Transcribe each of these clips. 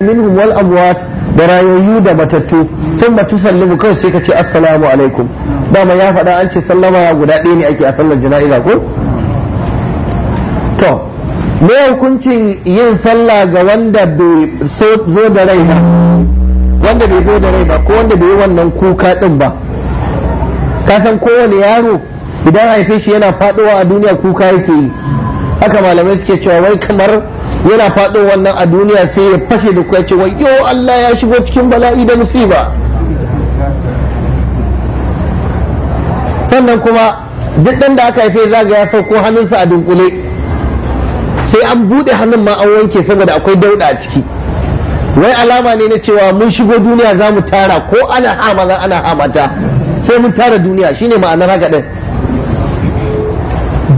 minhum wal amwat da rayayyu da matattu sun batu tusallimu kawai sai ka ce 'asalamu alaikum dama ya faɗa an ce sallama ya guda ɗaya ne ake a sallar jana'iza ko to me hukuncin yin sallah ga wanda bai zo da rai ba wanda bai ko wanda bai yi wannan kuka ɗin ba ka san kowane yaro idan haife shi yana faɗowa a duniya kuka yake yi haka malamai suke cewa wai kamar yana faɗin wannan a duniya sai ya fashe da kuwa cewa yo Allah ya shigo cikin bala'i da musiba sannan kuma duk ɗan da aka haife zaga ya sauko hannunsa a dunkule sai an buɗe hannun ma an wanke saboda akwai dauɗa a ciki wai alama ne na cewa mun shigo duniya za mu tara ko ana hamala ana hamata sai mun tara duniya shine ma'anar haka ɗin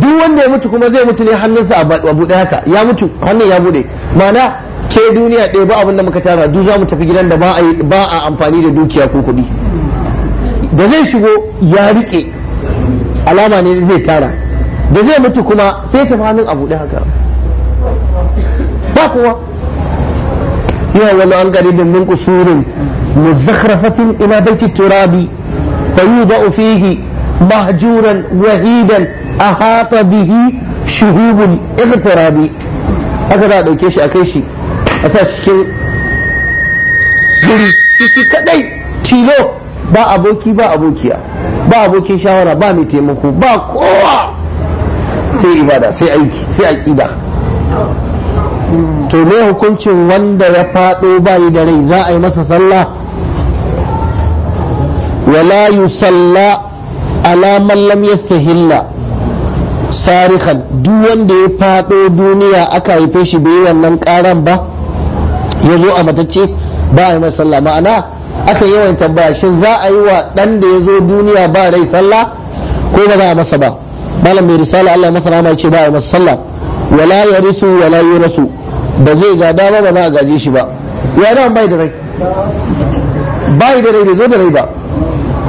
duk wanda ya mutu kuma zai mutu ne hannunsa a buɗe haka ya mutu hannun ya buɗe mana ke duniya ɗaya ba abin da muka tara duk za mu tafi gidan da ba a amfani da dukiya ko kuɗi da zai shigo ya riƙe alama ne zai tara da zai mutu kuma sai tafi hannun a buɗe haka ba kowa yana wani an garibin min kusurin muzakhrafatin ila baiti turabi fayuda fihi mahjuran wahidan ahata bihi shuhubul iqtirabi haka za a dauke shi a kai shi a sa cikin guri ciki kadai tilo ba aboki ba abokiya ba abokin shawara ba mai taimako ba kowa sai ibada sai to me hukuncin wanda ya faɗo bayi da rai za a yi masa sallah wala yusalla alaman man lam yastahilla sarikan duk wanda ya faɗo duniya aka haife shi bai wannan ƙaran ba ya zo a matacce ba a yi mai sallah ma'ana aka yawan tambaya shin za a yi wa ɗan da ya zo duniya ba rai sallah ko ba za a masa ba malam mai risala Allah ya masa rama ce ba a yi masa sallah wala ya risu wala ya rasu ba zai ga dama ba za a gaje shi ba ya da bai da rai bai da rai bai zo da rai ba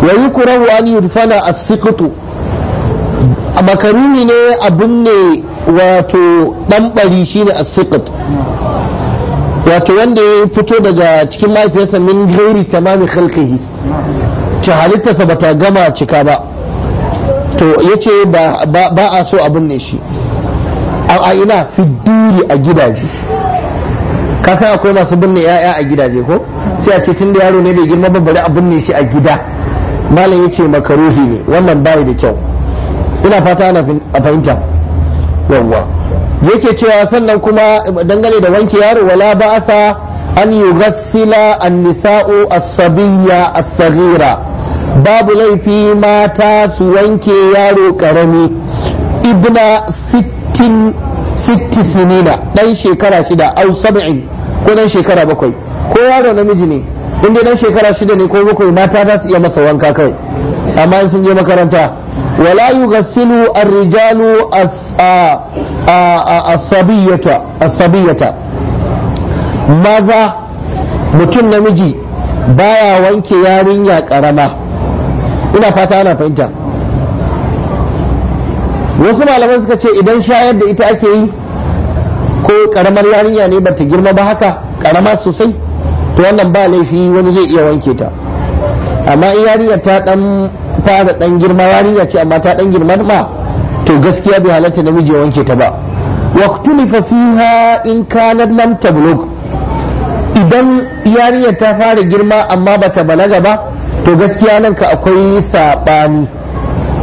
wa yukurahu an yudfana as-siqtu A makaruni ne abin ne wato dan bari ne a sikat wato wanda ya fito daga cikin mahaifiyarsa min ta tamami khalqihi ci halittarsa bata gama cika ba to ya ce ba a so abin ne shi a ina duri a gidaje ka san akwai masu binne yaya a gidaje ko sai a ce tun da yaro ne bai girma ba bari a binne shi a gida malam yace makaruhi ne wannan bai da kyau ina fata ana fahimta yawwa yake cewa sannan kuma dangane da wanke yaro wala ba sa an rassila an-nisa'u a sabiyya a babu laifi mata su wanke yaro karami ibna sittin sittin sinina dan shekara shida au sab'in ko dan shekara bakwai ko yaro namiji ne in dai dan shekara shida ne ko bakwai mata za su iya masa wanka kawai amma in sun je makaranta ولا يغسل الرجال الصبية الصبية ماذا mutum namiji baya wanke yarinya karama ina fata ana fahimta wasu malaman suka ce idan shayar da ita ake yi ko karamar yarinya ne bata girma ba haka karama sosai to wannan ba laifi wani zai iya wanke ta amma in yarinya ta dan ta da dan girma yarinya ce amma ta dan girma ma to gaskiya bai halatta namiji ya wanke ta ba waqtulifa fiha in kanat lam tablug idan yariya ta fara girma amma bata balaga ba to gaskiya nan ka akwai sabani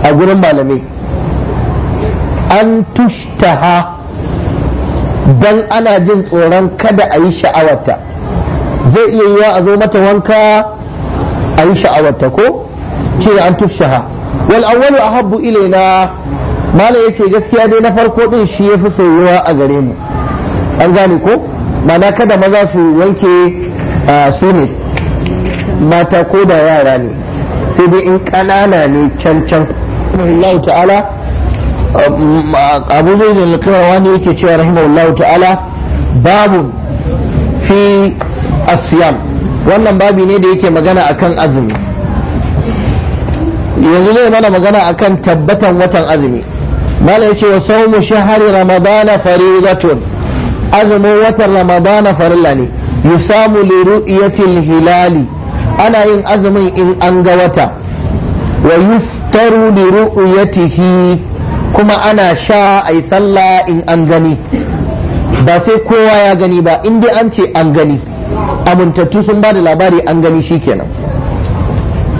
a gurin malamai an tushtaha dan ana jin tsoron kada a yi sha'awarta zai iya yiwa a zo mata wanka a yi sha'awarta ko ce an tufshaha wal awwalu ahabbu ilaina malai yace gaskiya dai na farko din shi yafi soyuwa a gare mu an gane ko mana kada maza su wanke su ne mata ko da yara ne sai dai in kanana ne can can Allah ta'ala abu zai da alƙirawa yake cewa rahimahullahu ta'ala babu fi asiyam wannan babi ne da yake magana akan azumi yanzu zai mana magana akan tabbatan watan azumi mala yace wa sawmu shahri ramadana faridatun azumin watan ramadana farilla ne yusamu li ru'yatil hilali ana yin azumin in an ga wata wa yuftaru li ru'yatihi kuma ana sha ai sallah in an gani ba sai kowa ya gani ba in dai an ce an gani amintattu sun ba da labari an gani shikenan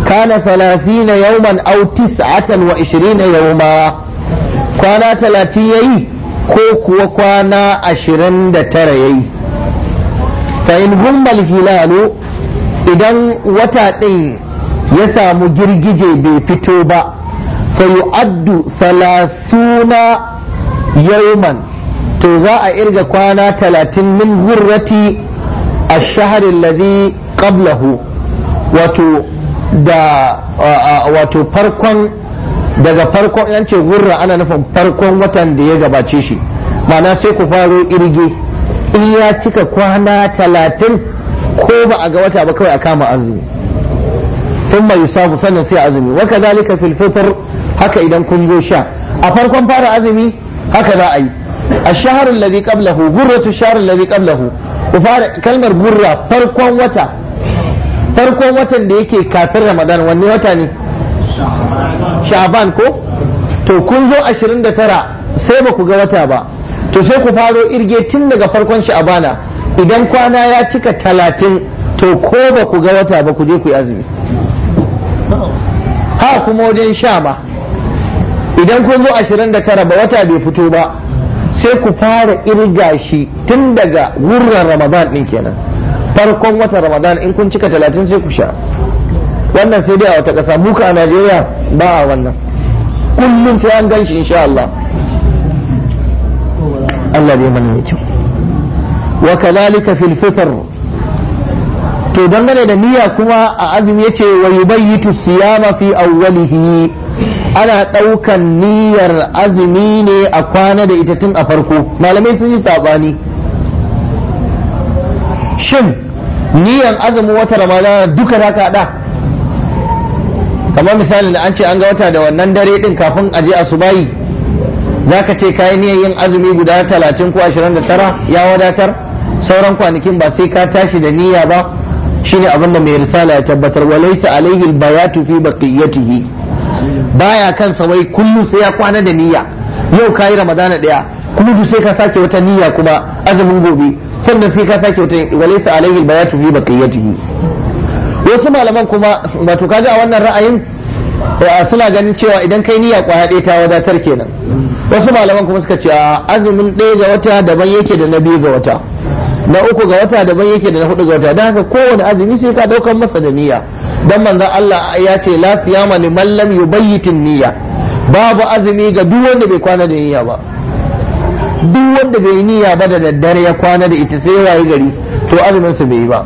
kana thalathina yawman aw tis'atan wa ishirina yawma kwana talatin yayi ko kuwa kwana ashirin da tara yayi fa in hummal hilalu idan wata ɗin ya samu girgije bai fito ba fa yu'addu thalathuna yauman to za a irga kwana talatin min hurrati a shaharin ladhi wato da wato farkon daga farkon yance gurra ana nufin farkon watan da ya gabace shi ma'ana sai ku faro irge in ya cika kwana talatin ko ba a ga wata ba kawai a kama azumi sun mai samu sannan sai azumi wa zalika fil fitr haka idan kun zo sha a farkon fara azumi haka za a yi A الشهر الذي قبله غرة الشهر الذي ku fara kalmar gurra farkon wata. farkon watan da yake kafin ramadan wanne wata ne sha'ban ko to kun zo 29 sai ba ku ga wata ba to sai ku faro irge tun daga farkon sha'bana idan kwana ya cika 30 to ko ba ku ga wata ba ku je ku yi azumi ha kuma wajen sha ba. idan kun zo 29 ba wata bai fito ba sai ku fara irga shi tun daga wurin ramadan din kenan farkon watan ramadan in kun cika talatin sai ku sha wannan sai dai a wata ƙasa muka a najeriya ba a wannan kullum sai an gan shi insha Allah Allah bai mana ne kyau wa kadhalika fil fitr to dangane da niyya kuma a azumi yace wa yubayitu siyama fi awwalihi ana ɗaukan niyyar azumi ne a kwana da ita tun a farko malamai sun yi sabani shin niyan azumin wata ramadana duka za ka haɗa kamar misalin da an ce an ga wata da wannan dare din kafin a je Asubayi. za ka ce kayi niyan yin azumi guda talatin ko ashirin da tara ya wadatar sauran kwanakin ba sai ka tashi da niyya ba shine abin da mai risala ya tabbatar wa ba alayhi albayatu fi baqiyatihi baya kansa sawai kullum sai ya kwana da niyya yau kayi ramadana daya kuma duk sai ka sake wata niyya kuma azumin gobe sannan sai ka sake wata walaysa alaihi bayatu fi baqiyatihi wasu malaman kuma wato kaga a wannan ra'ayin eh, suna ganin cewa idan kai niyya kwaya ɗaya ta wadatar kenan wasu malaman kuma suka ce azumin ɗaya ga wata daban yake da na biyu ga wata na uku ga wata daban yake da na hudu ga wata don haka kowane azumi sai ka daukar masa da niyya dan manzon Allah ya ce la siyama liman lam yubayyitin niyya babu azumi ga duk wanda bai kwana da niyya ba duk wanda bai niyya ba da daddare ya kwana da ita sai yi gari to azumin su bai yi ba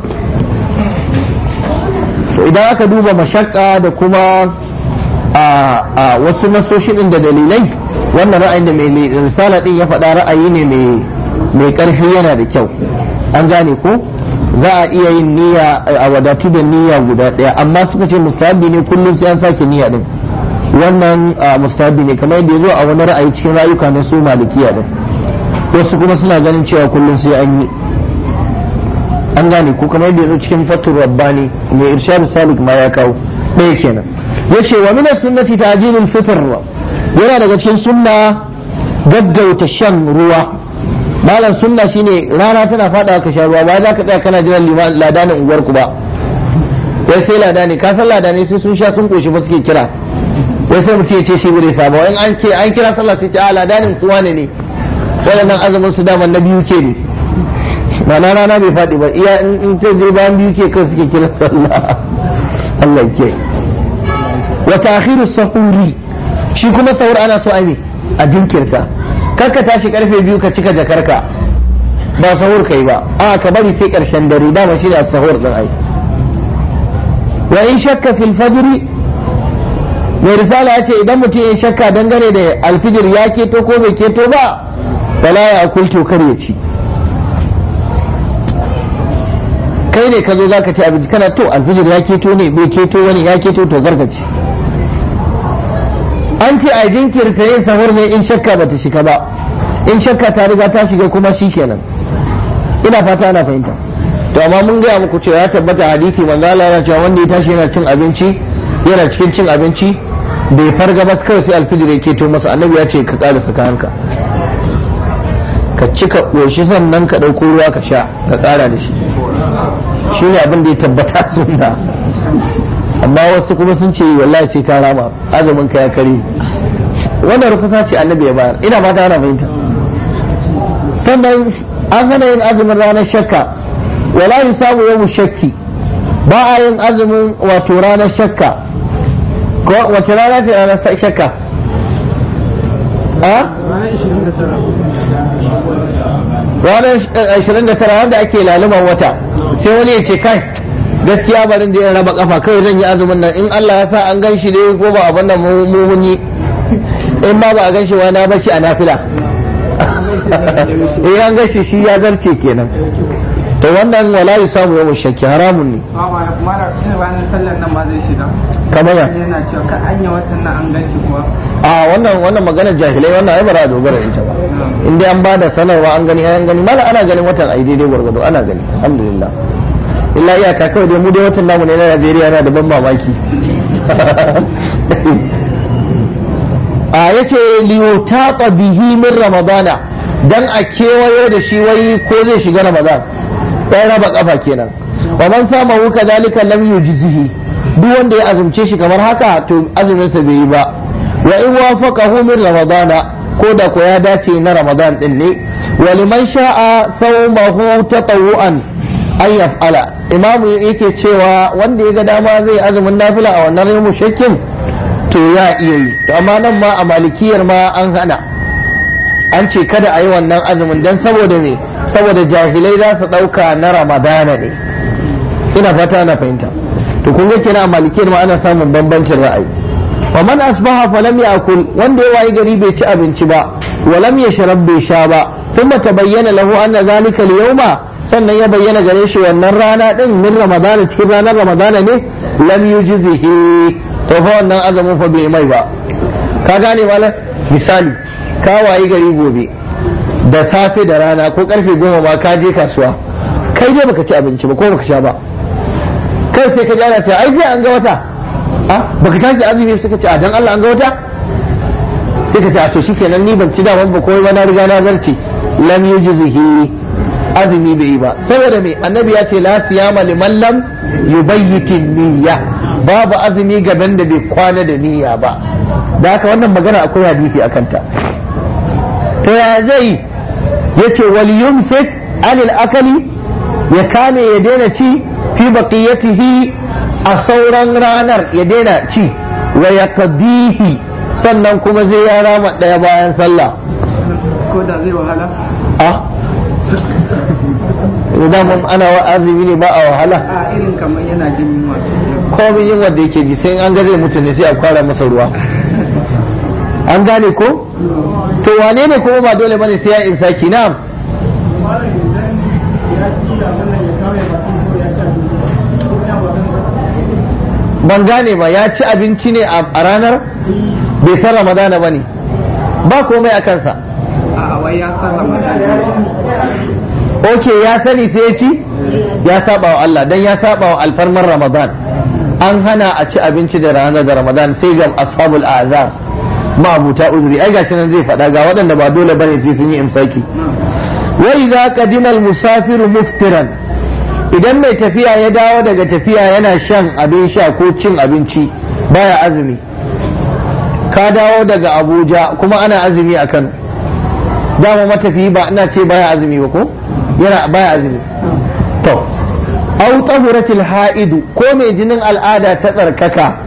to idan aka duba mashakka da kuma a wasu nasoshi din da dalilai wannan ra'ayin da mai risala din ya faɗa ra'ayi ne mai ƙarfi yana da kyau an gane ko za a iya yin niyya a wadatu da niyya guda ɗaya amma suka ce mustahabi ne kullum sai an sake niyya din wannan mustahabi ne kamar yadda ya zo a wani ra'ayi cikin rayuka na su malikiya din wasu kuma suna ganin cewa kullum sai an yi an gane ko kamar yadda yanzu cikin fatur rabbani mai irshadu salik ma ya kawo ɗaya kenan ce wa min sunnati fitar ruwa yana daga cikin sunna gaggauta shan ruwa malam sunna shine rana tana fadawa ka sha ruwa ba za ka tsaya kana jiran lada ladanin unguwar ku ba wai sai ladani ka san ladani sai sun sha sun koshi ba suke kira wai sai mutum ya ce shi bai sabawa in an kira sallah sai ce a ladanin su wane ne waɗannan azumin su daman na biyu ke ne na rana bai faɗi ba iya in ta je bayan biyu ke kan suke kira sallah Allah ke wa ta'khiru sahuri shi kuma sahur ana so ai a jinkirta kar ka tashi karfe biyu ka cika jakarka ba sahur kai ba a ka bari sai karshen dare dama shi da sahur din ai wa in shakka fil fajr mai risala ya ce idan mutum ya shakka dangane da alfijir ya keto ko bai keto ba wala ya akul to kar ya ci kai ne ka zo za ka ci abinci kana to alfijir ya keto ne bai keto wani ya keto to zarka ci an ce a jinkirta yin sahur ne in shakka ba ta shiga ba in shakka ta riga ta shiga kuma shi kenan ina fata ana fahimta to amma mun gaya muku cewa ya tabbata hadisi manzo Allah ya cewa wanda ya tashi yana cin abinci yana cikin cin abinci bai farga ba kawai sai alfijir ya keto masa annabi ya ce ka ƙara ka hanka ka ci ka ƙoshi sannan ka ɗauko ruwa ka sha ka ƙara da shi shi ne abin da ya tabbata suna amma wasu kuma sun ce wallahi sai ka rama azumin ka ya kare wannan rufusa ce annabi ya bayar ina mata ta ana fahimta sannan an hana yin azumin ranar shakka wala samu yawmu shakki ba a yin azumin wato ranar shakka ko wace rana ce ranar shakka ah? ranar 29 wanda ake laluban wata sai wani ya ce kai gaskiya barin da ya raba kafa kai zan yi azumin nan in Allah ya sa an gan shi dai ko ba abin da yi in ba ba a gan shi wa na shi a nafila in an gan shi shi ya zarce kenan to wannan wala yi samu yawm shakki haramun ne kamar yana cewa ka anya watan nan an ganci kuwa a wannan maganar jahilai wannan ai ba a dogara ita ba hmm. in dai an ba da sanarwa an gani an gani mala ana ganin watan ai daidai gwargwado ana gani alhamdulillah illa iyaka kawai dai mu dai watan namu ne na Najeriya yana da ban mamaki a yace liyutata bihi min ramadana dan a kewayo da shi wai ko zai shiga ramadan dan raba kafa kenan wa man sama hu kadhalika lam yujzihi duk wanda ya azumce shi kamar haka to azumin sa bai yi ba wa in wafaqahu min ramadana ko da ko ya dace na ramadan din ne wa liman sha'a sawmahu tatawuan an yaf'ala imamu yake cewa wanda ya ga dama zai azumin nafila a wannan rayu shakkin to ya iya yi to amma nan ma a malikiyar ma an hana an ce kada a yi wannan azumin don saboda ne saboda jahilai za su ɗauka na ramadana ne ina fata ana fahimta to kun ga kina a ma ana samun bambancin ra'ayi wa man asbaha lam ya'kul wanda ya wayi gari bai ci abinci ba wa lam yashrab bai sha ba thumma tabayyana lahu anna zalika al-yawma sannan ya bayyana gare shi wannan rana din min ramadana cikin ranar ramadana ne lam yujzihi to fa wannan azumin fa bai mai ba ka gane malam misali ka wayi gari gobe da safe da rana ko karfe goma ba ka je kasuwa kai dai baka ci abinci ba ko baka sha ba kai sai ka jana ta aiki an ga wata a ah, baka tashi azumi suka ce a dan Allah an ga wata sai ka ce a to shikenan ni ban ci damar ba komai ba na riga na zarce lam azumi bai yi ba saboda me annabi ya ce la siyama liman lam yubayyiti niyya babu azumi gaban da bai kwana da niyya ba da haka wannan magana akwai hadisi akan ta to ya zai yace waliyun yumsik anil akali ya kame ya daina ci fi baqiyatihi a sauran ranar ya daina ci wa yaqdihi sannan kuma zai ya rama daya bayan sallah ko da zai wahala ah da mun ana wa azumi ne ba a wahala a irin kamar yana jin masu komin yin wanda yake ji sai an ga zai mutu ne sai a kwara masa ruwa an gane ko to wane ne kuma ba dole bane sai ya insaki na ban gane ba ya ci abinci ne a ranar bai san ramadana ba ne ba komai a kansa ok ya sani sai ya ci ya saba wa Allah dan ya saba wa alfarmar ramadan an hana a ci abinci da ranar da ramadan sai ga ashabul azar buta uzuri ai gashi nan zai faɗa ga waɗanda ba dole bane sai sun yi imsaki wa idza qadima al musafiru muftiran idan mai tafiya ya dawo daga tafiya yana shan abin sha ko cin abinci baya azumi ka dawo daga abuja kuma ana azumi a kano dama matafi ba ina ce baya azumi ba ko yana baya azumi to au tahuratil ha'idu ko mai jinin al'ada ta tsarkaka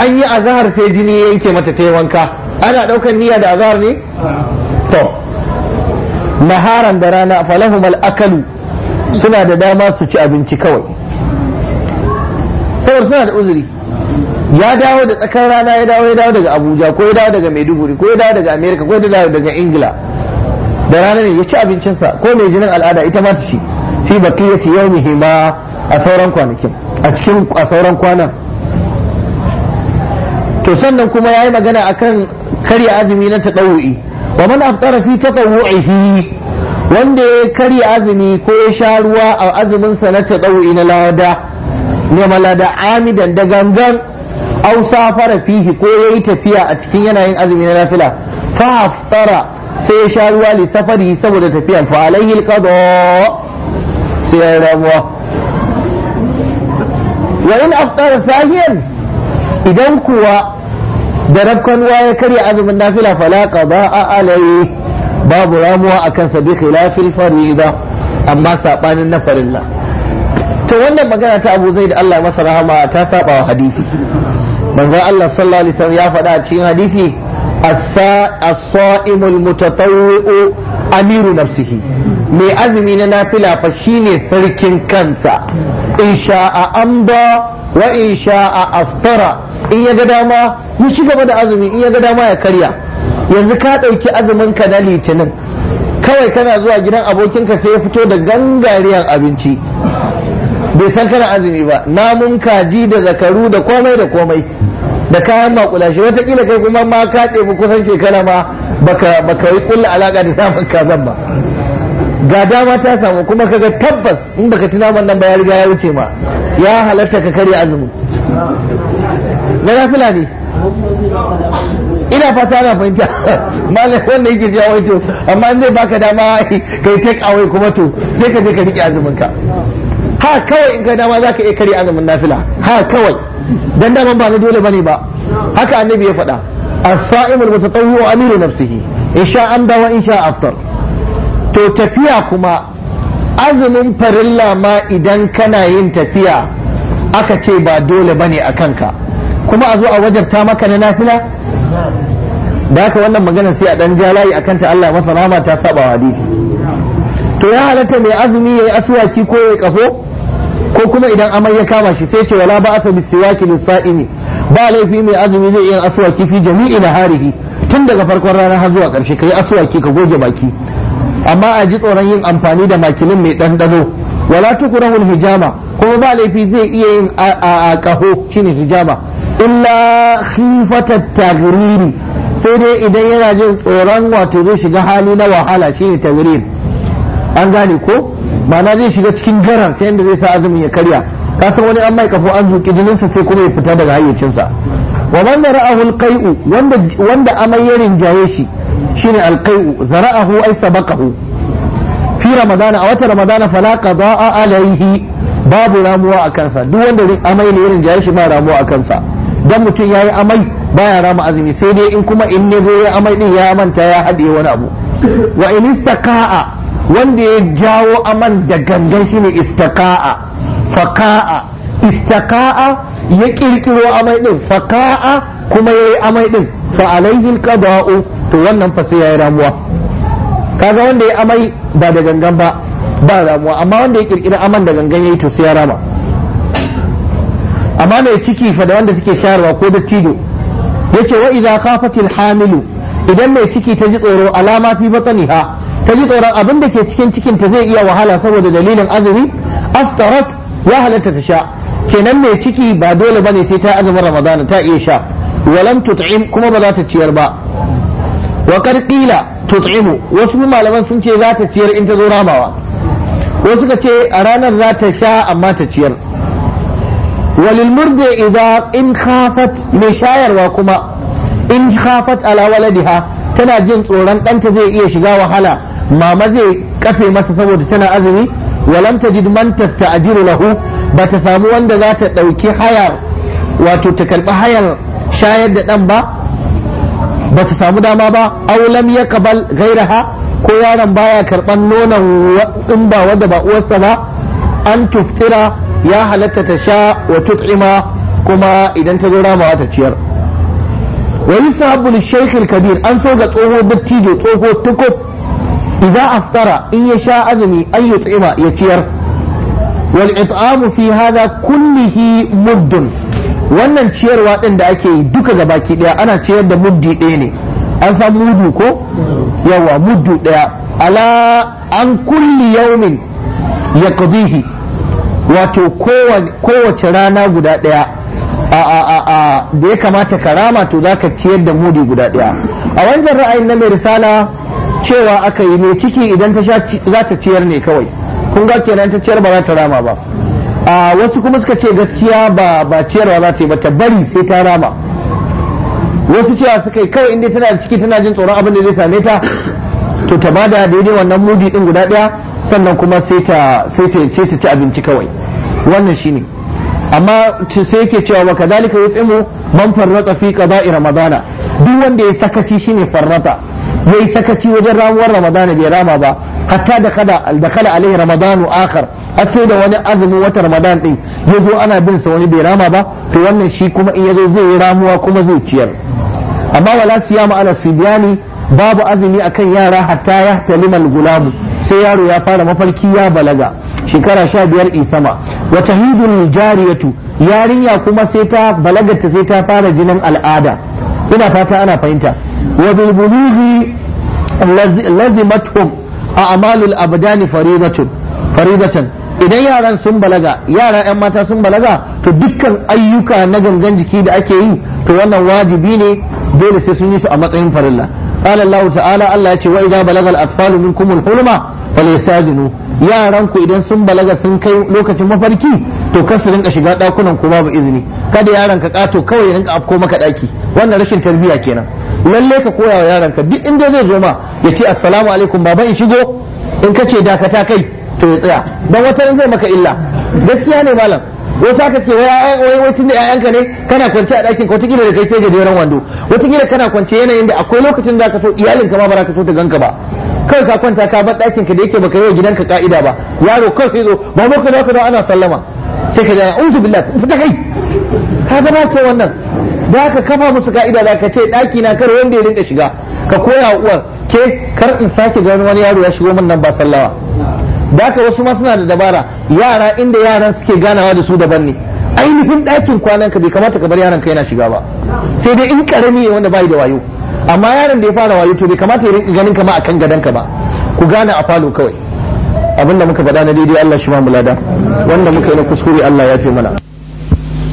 an yi azahar sai jini ya yanke mata ta wanka ana ɗaukar niyya da azahar ne to naharan da rana falahum akalu suna da dama su ci abinci kawai saboda suna da uzuri ya dawo da tsakar rana ya dawo ya dawo daga abuja ko ya dawo daga maiduguri ko ya dawo daga Amerika ko ya dawo daga ingila da rana ne ya ci abincinsa ko mai jinin al'ada ita ma ta ci fi baqiyati yawmihi ma a sauran kwanakin a cikin a sauran kwanan to sannan kuma ya yi magana akan karya azumi na tadawu'i wa man aftara fi tatawu'ihi wanda ya karya azumi ko ya sha ruwa a azumin sa na tadawi na lada ne malada amidan da gangan au safara fihi ko yayi tafiya a cikin yanayin azumi na nafila fa haftara sai ya sha ruwa li safari saboda tafiya fa alaihi alqada sai ya ramuwa wa in aftara sahiyan idan kuwa da rabkan ruwa ya karya azumin nafila fala qada alaihi babu ramuwa a kansa bi khilafil farida amma sabanin na farilla to wannan magana ta Abu Zaid Allah masa rahama ta saba wa hadisi manzon Allah sallallahu alaihi wasallam ya faɗa a cikin hadisi as-sa'imul mutatawwi'u amiru nafsihi mai azumi na nafila fa shine sarkin kansa in sha'a amda wa in sha'a aftara in ya ga dama ya ci gaba da azumi in ya ga dama ya karya yanzu ka ɗauki azumin ka na litinin kawai kana zuwa gidan abokinka sai ya fito da gangariyan abinci bai san kana azumi ba namun kaji da zakaru da komai da komai da kayan makulashi watakila kai kuma ma ka ɗebi kusan shekara ma baka baka yi kulla alaka da naman kazan ba ga dama ta samu kuma kaga tabbas in baka ci naman nan ba ya riga ya wuce ma ya halatta ka karya azumi na nafila ne ina fata na fahimta malam wanda yake ji wai to amma in zai baka dama kai take away kuma to sai ka je ka rike azumin ka ha kawai in ka dama zaka iya kare azumin nafila ha kawai dan dama ba na dole bane ba haka annabi ya faɗa as saimul mutatawwi wa amiru nafsihi an amda wa sha aftar to tafiya kuma azumin farilla ma idan kana yin tafiya aka ce ba dole bane a kanka kuma a zo a wajabta maka na nafila da wannan magana sai a dan layi akan ta Allah masa rahama ta saba hadisi to ya halatta mai azumi yayi aswaki ko yayi kafo ko kuma idan amai ya kama shi sai ce wala ba bi siwaki lis-sa'imi ba laifi mai azumi zai iya aswaki fi jami'i harihi tun daga farkon rana har zuwa karshe kai asuwaki ka goge baki amma a ji tsoron yin amfani da makilin mai ɗanɗano wala tukurahul hijama kuma ba laifi zai iya yin a kaho shine hijama illa khifata tagrir sai dai idan yana jin tsoron wato zai shiga hali na wahala shine tagrir an gane ko ma'ana zai shiga cikin garar ta yadda zai sa azumin ya karya ka wani an mai kafo an zuki sa sai kuma ya fita daga hayyacinsa wa man ra'ahu alqai'u wanda wanda amai ya rinjaye shi shine alqai'u zara'ahu ay sabaqahu fi ramadana a wata ramadana fala qada'a alayhi babu ramuwa a kansa duk wanda amai ne ya rinjaye shi ba ramuwa a kansa dan mutum yayi amai baya rama azumi sai dai in kuma in ne zo ya amai din ya manta ya hade wani abu wa in istaka'a wanda ya jawo aman da gangan shine istaka'a faka'a istaka'a ya kirkiro amai din faka'a kuma yayi amai din fa alaihi alqada'u to wannan fa sai yayi ramuwa kaga wanda ya amai ba da gangan ba ba ramuwa amma wanda ya kirkiri aman da gangan yayi to sai ya rama amma mai ciki fa da wanda take shayarwa ko dattijo yace wa idza khafatil hamilu idan mai ciki ta ji tsoro alama fi bataniha ta ji tsoron abin da ke cikin cikin ta zai iya wahala saboda dalilin azumi aftarat ya halatta ta sha kenan mai ciki ba dole bane sai ta azumin ramadana ta iya sha walam tut'im kuma ba za ta ciyar ba wa qila tut'imu wasu malaman sun ce za ta ciyar in ta zo ramawa wasu ka ce a ranar za ta sha amma ta ciyar walil murdi idza in khafat mai shayarwa kuma in khafat ala waladiha tana jin tsoron ɗanta zai iya shiga wahala mama zai kafe masa saboda tana azumi walam tajid man tasta'jiru lahu bata samu wanda za ta ɗauki hayar wato ta karɓi hayar shayar da ɗan ba ba ta samu dama ba aulam ya kabal gairaha ko yaron baya karban nonon in ba ba uwarsa ba an tuftira ya halatta ta sha wa tut'ima kuma idan ta zo ramawa ta ciyar wa yusahabu lishaykhil kabir an so ga tsoho dattijo tsoho tukuf Iza aftara in ya sha azumi an yut'ima ya ciyar wal it'amu fi hadha kullihi muddun wannan ciyarwa din da ake yi duka gabaki daya ana ciyar da muddi ɗaya ne an san mudu ko yawa muddu daya ala an kulli yaumin yaqdihi wato kowace rana guda ɗaya a a a da ya kamata ka rama to za ka ciyar da mudi guda ɗaya a wancan ra'ayin na mai risala cewa aka yi mai ciki idan ta sha za ta ciyar ne kawai kun ga kenan ta ciyar ba za ta rama ba a wasu kuma suka ce gaskiya ba ba ciyarwa za ta yi ba ta bari sai ta rama wasu cewa suka yi kawai inda tana ciki tana jin tsoron abin da zai same ta to ta bada daidai wannan mudi din guda ɗaya sannan kuma sai ta ci abinci kawai wannan shine amma sai yake cewa wa kadhalika yut'imu man farrata fi qada'i ramadana duk wanda ya sakaci shine farrata yayi sakaci wajen ramuwar ramadana bai rama ba hatta da kada da kala alai ramadanu akhar har sai da wani azumin wata ramadan din ya zo ana bin sa wani bai rama ba to wannan shi kuma in ya zo zai yi ramuwa kuma zai ciyar amma wala siyama ala sibyani babu azumi akan yara hatta ya talimal gulamu sai yaro ya fara mafarki ya balaga shekara sha biyar in sama wata hidul jariyatu yarinya kuma sai ta balagarta sai ta fara jinin al'ada ina fata ana fahimta wa bil bulughi a a'malul abdani faridatun faridatan idan yaran sun balaga yara yan mata sun balaga to dukkan ayyuka na gangan jiki da ake yi to wannan wajibi ne dole sai sun yi su a matsayin farilla قال الله تعالى الله يتي وإذا بلغ الأطفال منكم الحلمة فليستأذنوا يا رانكو idan sun balaga sun kai lokacin mafarki to kar su rinka shiga dakunan ku babu izini kada yaron ka kato kawai rinka afko maka daki wannan rashin tarbiyya kenan lallai ka koya wa yaron ka duk inda zai zo ma ya ce assalamu alaikum baba in shigo in kace dakata kai to ya tsaya dan wata zai maka illa gaskiya ne malam wasu aka ce wai wai tun ne kana kwance a ɗakin ka wataƙila da kai sai gajeren wando gida kana kwance yanayin da akwai lokacin da ka so iyalin ka ma ba za ka so ta ganka ba kai ka kwanta ka bar dakin ka da yake baka yi wa gidanka ka'ida ba yaro kai sai zo ba ka da ka ana sallama sai ka ji a'udhu billahi fita kai ka ga ba ce wannan da ka kafa musu ka'ida za ka ce ɗaki na kar wanda ya rinka shiga ka koya uwar ke kar in sake gani wani yaro ya shigo min nan ba sallama da wasu ma suna da dabara yara inda yaran suke ganawa da su daban ne ainihin ɗakin kwanan ka bai kamata ka bar yaran ka yana shiga ba sai dai in karami ne wanda bai da wayo amma yaran da ya fara wayo to bai kamata ya rinka ganin ka ma akan gadon ka ba ku gane a falo kawai abinda muka faɗa na daidai Allah shi ma mulada wanda muka yi na kuskure Allah ya fi mana